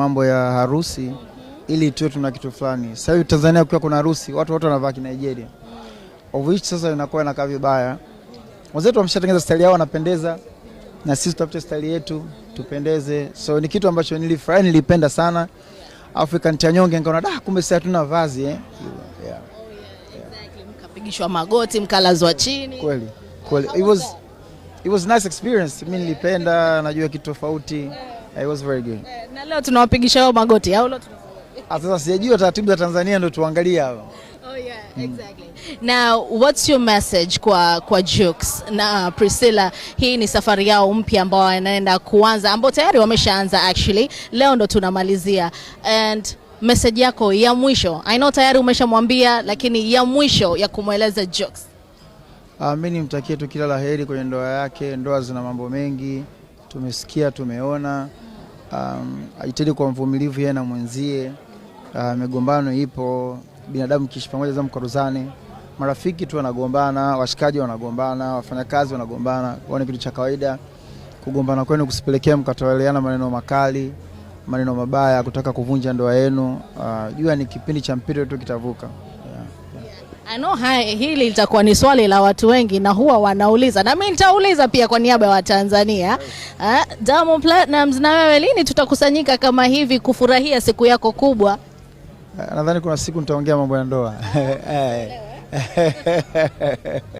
mambo ya harusi ili tuwe tuna kitu fulani. Sasa hivi Tanzania ukiwa kuna harusi watu wote wanavaa kinigeria, of which sasa inakuwa inakaa vibaya. Wazetu wameshatengeneza staili yao, wanapendeza, na sisi tutafute staili yetu tupendeze. So ni kitu ambacho nilifurahi, nilipenda sana. African Tanyonge nikaona da, ah, kumbe sasa hatuna vazi eh. Yeah. Yeah. Exactly. Mkapigishwa magoti, mkalazwa chini. Kweli. Kweli. It was it was nice experience. Mimi nilipenda, najua kitu tofauti. Yeah. It was very good. Eh, na leo tunawapigisha wao magoti au leo ah, sasa sijajua taratibu za Tanzania ndio tuangalie hapo. Oh yeah, exactly. Mm. Now, what's your message kwa kwa Jux na uh, Priscilla? Hii ni safari yao mpya ambao wanaenda kuanza ambao tayari wameshaanza actually. Leo ndo tunamalizia. And message yako ya mwisho. I know tayari umeshamwambia lakini ya mwisho ya kumweleza Jux. Ah, mimi nimtakie tu kila la heri kwenye ndoa yake. Ndoa zina mambo mengi tumesikia, tumeona. Um, kwa mvumilivu yeye na mwenzie. Uh, migombano ipo, binadamu kishi pamoja zamu karuzane. Marafiki tu wanagombana, washikaji wanagombana, wafanyakazi wanagombana, ni kitu cha kawaida. Kugombana kwenu kusipelekea mkatoeleana maneno makali, maneno mabaya, kutaka kuvunja ndoa yenu. Uh, jua ni kipindi cha mpito tu, kitavuka know hai, hili litakuwa ni swali la watu wengi na huwa wanauliza, na mimi nitauliza pia kwa niaba ya Watanzania. Ah, Diamond Platnumz, na wewe lini tutakusanyika kama hivi kufurahia siku yako kubwa? Eh, nadhani kuna siku nitaongea mambo ya ndoa. Eh, eh.